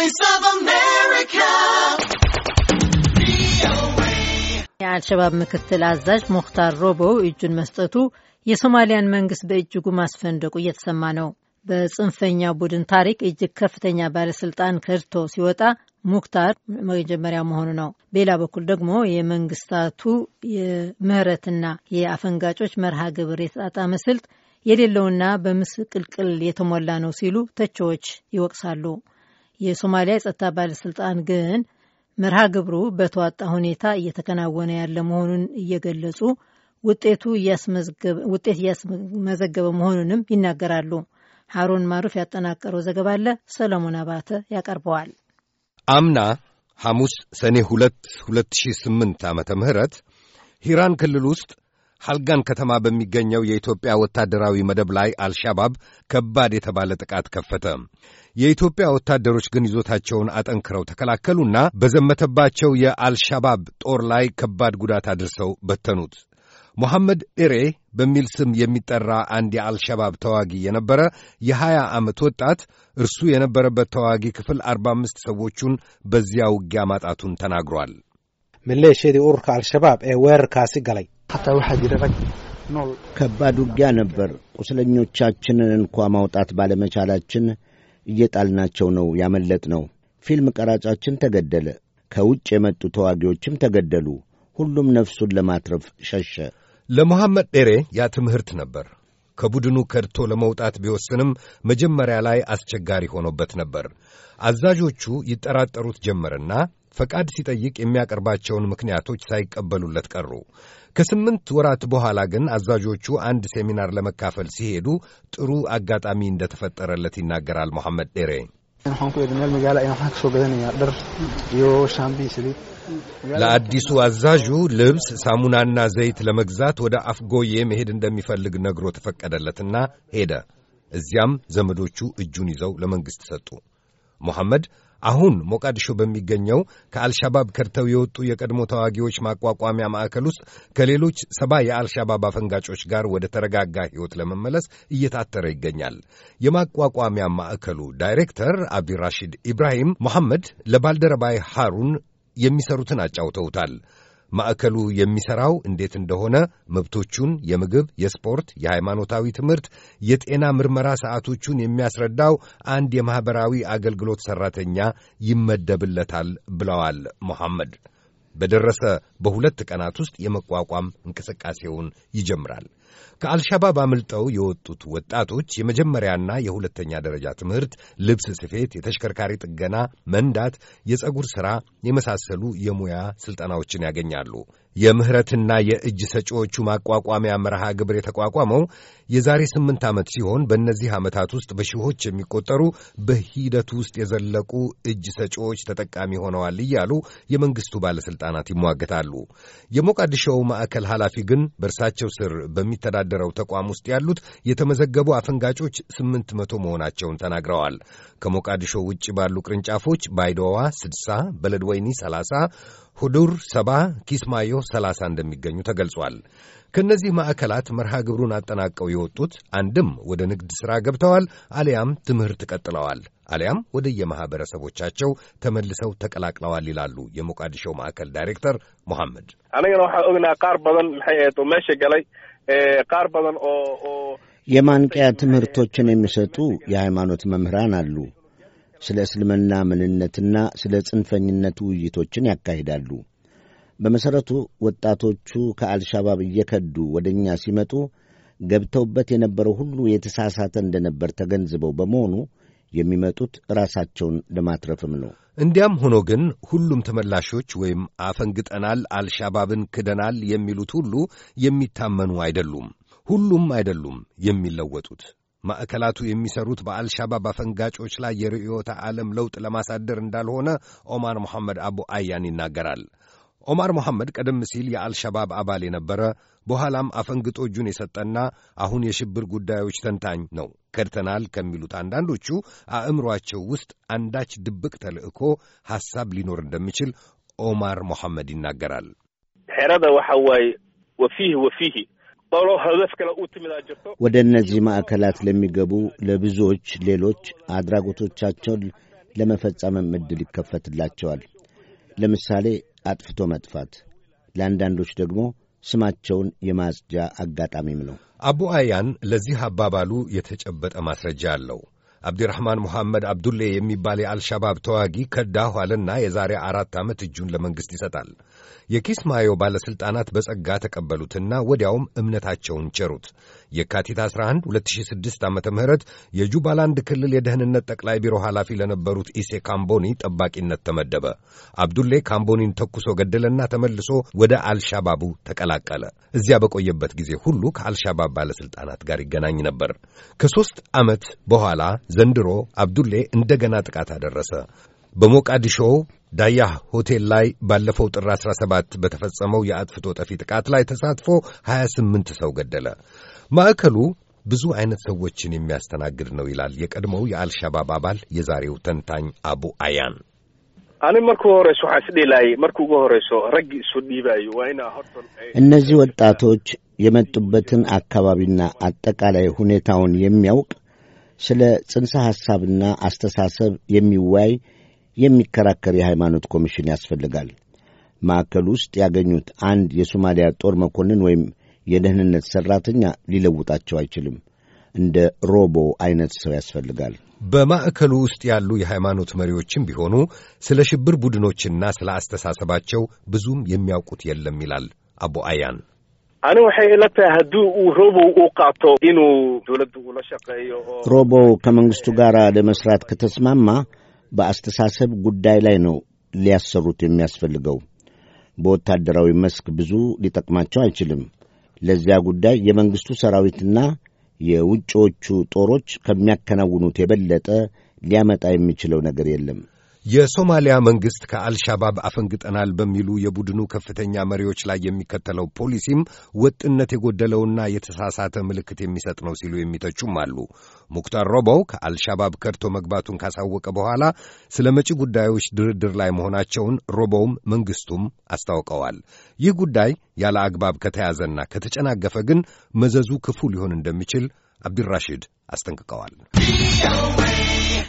Voice of America. የአልሸባብ ምክትል አዛዥ ሞክታር ሮቦ እጁን መስጠቱ የሶማሊያን መንግስት በእጅጉ ማስፈንደቁ እየተሰማ ነው። በጽንፈኛ ቡድን ታሪክ እጅግ ከፍተኛ ባለስልጣን ከድቶ ሲወጣ ሙክታር መጀመሪያ መሆኑ ነው። በሌላ በኩል ደግሞ የመንግስታቱ የምህረትና የአፈንጋጮች መርሃ ግብር የተጣጣመ ስልት የሌለውና በምስቅልቅል የተሞላ ነው ሲሉ ተቺዎች ይወቅሳሉ። የሶማሊያ የጸጥታ ባለስልጣን ግን መርሃ ግብሩ በተዋጣ ሁኔታ እየተከናወነ ያለ መሆኑን እየገለጹ ውጤቱ ውጤት እያስመዘገበ መሆኑንም ይናገራሉ። ሀሮን ማሩፍ ያጠናቀረው ዘገባ አለ። ሰለሞን አባተ ያቀርበዋል። አምና ሐሙስ ሰኔ 2 2008 ዓ ም ሂራን ክልል ውስጥ ሐልጋን ከተማ በሚገኘው የኢትዮጵያ ወታደራዊ መደብ ላይ አልሻባብ ከባድ የተባለ ጥቃት ከፈተ። የኢትዮጵያ ወታደሮች ግን ይዞታቸውን አጠንክረው ተከላከሉና በዘመተባቸው የአልሻባብ ጦር ላይ ከባድ ጉዳት አድርሰው በተኑት። ሞሐመድ ኤሬ በሚል ስም የሚጠራ አንድ የአልሸባብ ተዋጊ የነበረ የ20 ዓመት ወጣት እርሱ የነበረበት ተዋጊ ክፍል አምስት ሰዎቹን በዚያ ውጊያ ማጣቱን ተናግሯል። ሚሌሽዲ ኡርካ አልሸባብ ኤ ገላይ ከባድ ውጊያ ነበር። ቁስለኞቻችንን እንኳ ማውጣት ባለመቻላችን እየጣልናቸው ነው ያመለጥ ነው። ፊልም ቀራጫችን ተገደለ። ከውጭ የመጡ ተዋጊዎችም ተገደሉ። ሁሉም ነፍሱን ለማትረፍ ሸሸ። ለመሐመድ ዴሬ ያ ትምህርት ነበር። ከቡድኑ ከድቶ ለመውጣት ቢወስንም መጀመሪያ ላይ አስቸጋሪ ሆኖበት ነበር። አዛዦቹ ይጠራጠሩት ጀመርና ፈቃድ ሲጠይቅ የሚያቀርባቸውን ምክንያቶች ሳይቀበሉለት ቀሩ። ከስምንት ወራት በኋላ ግን አዛዦቹ አንድ ሴሚናር ለመካፈል ሲሄዱ ጥሩ አጋጣሚ እንደተፈጠረለት ይናገራል መሐመድ ዴሬ። ለአዲሱ አዛዡ ልብስ፣ ሳሙናና ዘይት ለመግዛት ወደ አፍጎዬ መሄድ እንደሚፈልግ ነግሮ ተፈቀደለትና ሄደ። እዚያም ዘመዶቹ እጁን ይዘው ለመንግሥት ሰጡ። ሙሐመድ አሁን ሞቃዲሾ በሚገኘው ከአልሻባብ ከድተው የወጡ የቀድሞ ተዋጊዎች ማቋቋሚያ ማዕከል ውስጥ ከሌሎች ሰባ የአልሻባብ አፈንጋጮች ጋር ወደ ተረጋጋ ሕይወት ለመመለስ እየታተረ ይገኛል። የማቋቋሚያ ማዕከሉ ዳይሬክተር አብዲራሺድ ኢብራሂም መሐመድ ለባልደረባይ ሃሩን የሚሰሩትን አጫውተውታል። ማዕከሉ የሚሠራው እንዴት እንደሆነ መብቶቹን፣ የምግብ፣ የስፖርት፣ የሃይማኖታዊ ትምህርት፣ የጤና ምርመራ ሰዓቶቹን የሚያስረዳው አንድ የማኅበራዊ አገልግሎት ሠራተኛ ይመደብለታል ብለዋል መሐመድ። በደረሰ በሁለት ቀናት ውስጥ የመቋቋም እንቅስቃሴውን ይጀምራል። ከአልሻባብ አምልጠው የወጡት ወጣቶች የመጀመሪያና የሁለተኛ ደረጃ ትምህርት፣ ልብስ ስፌት፣ የተሽከርካሪ ጥገና፣ መንዳት፣ የጸጉር ሥራ የመሳሰሉ የሙያ ሥልጠናዎችን ያገኛሉ። የምህረትና የእጅ ሰጪዎቹ ማቋቋሚያ መርሃ ግብር የተቋቋመው የዛሬ ስምንት ዓመት ሲሆን በእነዚህ ዓመታት ውስጥ በሺዎች የሚቆጠሩ በሂደቱ ውስጥ የዘለቁ እጅ ሰጪዎች ተጠቃሚ ሆነዋል እያሉ የመንግሥቱ ባለሥልጣ ባለሥልጣናት ይሟገታሉ። የሞቃዲሾው ማዕከል ኃላፊ ግን በእርሳቸው ስር በሚተዳደረው ተቋም ውስጥ ያሉት የተመዘገቡ አፈንጋጮች ስምንት መቶ መሆናቸውን ተናግረዋል። ከሞቃዲሾ ውጭ ባሉ ቅርንጫፎች ባይዶዋ 60፣ በለድወይኒ 30፣ ሁዱር 7 ኪስማዮ 30 እንደሚገኙ ተገልጿል። ከእነዚህ ማዕከላት መርሃ ግብሩን አጠናቀው የወጡት አንድም ወደ ንግድ ሥራ ገብተዋል፣ አሊያም ትምህርት ቀጥለዋል፣ አሊያም ወደ የማኅበረሰቦቻቸው ተመልሰው ተቀላቅለዋል ይላሉ የሞቃዲሾ ማዕከል ዳይሬክተር ሙሐመድ። አነገና የማንቂያ ትምህርቶችን የሚሰጡ የሃይማኖት መምህራን አሉ። ስለ እስልምና ምንነትና ስለ ጽንፈኝነት ውይይቶችን ያካሂዳሉ። በመሠረቱ ወጣቶቹ ከአልሻባብ እየከዱ ወደ እኛ ሲመጡ ገብተውበት የነበረው ሁሉ የተሳሳተ እንደነበር ተገንዝበው በመሆኑ የሚመጡት ራሳቸውን ለማትረፍም ነው። እንዲያም ሆኖ ግን ሁሉም ተመላሾች ወይም አፈንግጠናል፣ አልሻባብን ክደናል የሚሉት ሁሉ የሚታመኑ አይደሉም። ሁሉም አይደሉም የሚለወጡት። ማዕከላቱ የሚሰሩት በአልሻባብ አፈንጋጮች ላይ የርዕዮተ ዓለም ለውጥ ለማሳደር እንዳልሆነ ኦማር መሐመድ አቡ አያን ይናገራል። ኦማር መሐመድ ቀደም ሲል የአልሸባብ አባል የነበረ በኋላም አፈንግጦ እጁን የሰጠና አሁን የሽብር ጉዳዮች ተንታኝ ነው። ከድተናል ከሚሉት አንዳንዶቹ አእምሯቸው ውስጥ አንዳች ድብቅ ተልእኮ ሐሳብ ሊኖር እንደሚችል ኦማር መሐመድ ይናገራል። ሔረደ ወሐዋይ ወፊህ ወፊህ ወደ እነዚህ ማዕከላት ለሚገቡ ለብዙዎች ሌሎች አድራጎቶቻቸውን ለመፈጸምም ዕድል ይከፈትላቸዋል። ለምሳሌ አጥፍቶ መጥፋት፣ ለአንዳንዶች ደግሞ ስማቸውን የማጽጃ አጋጣሚም ነው። አቡ አያን ለዚህ አባባሉ የተጨበጠ ማስረጃ አለው። አብዲራህማን ሙሐመድ አብዱሌ የሚባል የአልሻባብ ተዋጊ ከዳኋልና የዛሬ አራት ዓመት እጁን ለመንግሥት ይሰጣል። የኪስማዮ ባለሥልጣናት በጸጋ ተቀበሉትና ወዲያውም እምነታቸውን ቸሩት። የካቲት 11 2006 ዓ ም የጁባላንድ ክልል የደህንነት ጠቅላይ ቢሮ ኃላፊ ለነበሩት ኢሴ ካምቦኒ ጠባቂነት ተመደበ። አብዱሌ ካምቦኒን ተኩሶ ገደለና ተመልሶ ወደ አልሻባቡ ተቀላቀለ። እዚያ በቆየበት ጊዜ ሁሉ ከአልሻባብ ባለሥልጣናት ጋር ይገናኝ ነበር። ከሦስት ዓመት በኋላ ዘንድሮ አብዱሌ እንደገና ጥቃት አደረሰ። በሞቃዲሾ ዳያ ሆቴል ላይ ባለፈው ጥር 17 በተፈጸመው የአጥፍቶ ጠፊ ጥቃት ላይ ተሳትፎ 28 ሰው ገደለ። ማዕከሉ ብዙ አይነት ሰዎችን የሚያስተናግድ ነው ይላል የቀድሞው የአልሻባብ አባል የዛሬው ተንታኝ አቡ አያን። እነዚህ ወጣቶች የመጡበትን አካባቢና አጠቃላይ ሁኔታውን የሚያውቅ ስለ ጽንሰ ሐሳብና አስተሳሰብ የሚወያይ የሚከራከር የሃይማኖት ኮሚሽን ያስፈልጋል። ማዕከል ውስጥ ያገኙት አንድ የሶማሊያ ጦር መኮንን ወይም የደህንነት ሠራተኛ ሊለውጣቸው አይችልም። እንደ ሮቦ አይነት ሰው ያስፈልጋል። በማዕከሉ ውስጥ ያሉ የሃይማኖት መሪዎችም ቢሆኑ ስለ ሽብር ቡድኖችና ስለ አስተሳሰባቸው ብዙም የሚያውቁት የለም ይላል አቡ አያን። ሮቦ ከመንግሥቱ ጋር ለመሥራት ከተስማማ በአስተሳሰብ ጉዳይ ላይ ነው ሊያሰሩት የሚያስፈልገው። በወታደራዊ መስክ ብዙ ሊጠቅማቸው አይችልም። ለዚያ ጉዳይ የመንግሥቱ ሰራዊትና የውጭዎቹ ጦሮች ከሚያከናውኑት የበለጠ ሊያመጣ የሚችለው ነገር የለም። የሶማሊያ መንግሥት ከአልሻባብ አፈንግጠናል በሚሉ የቡድኑ ከፍተኛ መሪዎች ላይ የሚከተለው ፖሊሲም ወጥነት የጎደለውና የተሳሳተ ምልክት የሚሰጥ ነው ሲሉ የሚተቹም አሉ። ሙክታር ሮቦው ከአልሻባብ ከድቶ መግባቱን ካሳወቀ በኋላ ስለ መጪ ጉዳዮች ድርድር ላይ መሆናቸውን ሮቦውም መንግሥቱም አስታውቀዋል። ይህ ጉዳይ ያለ አግባብ ከተያዘና ከተጨናገፈ ግን መዘዙ ክፉ ሊሆን እንደሚችል አብድራሽድ አስጠንቅቀዋል።